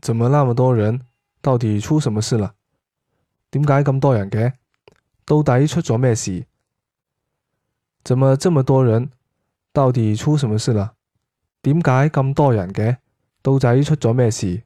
怎麼那麼多人？到底出什麼事啦？點解咁多人嘅？到底出咗咩事？怎麼這麼多人？到底出什麼事啦？點解咁多人嘅？到底出咗咩事，事？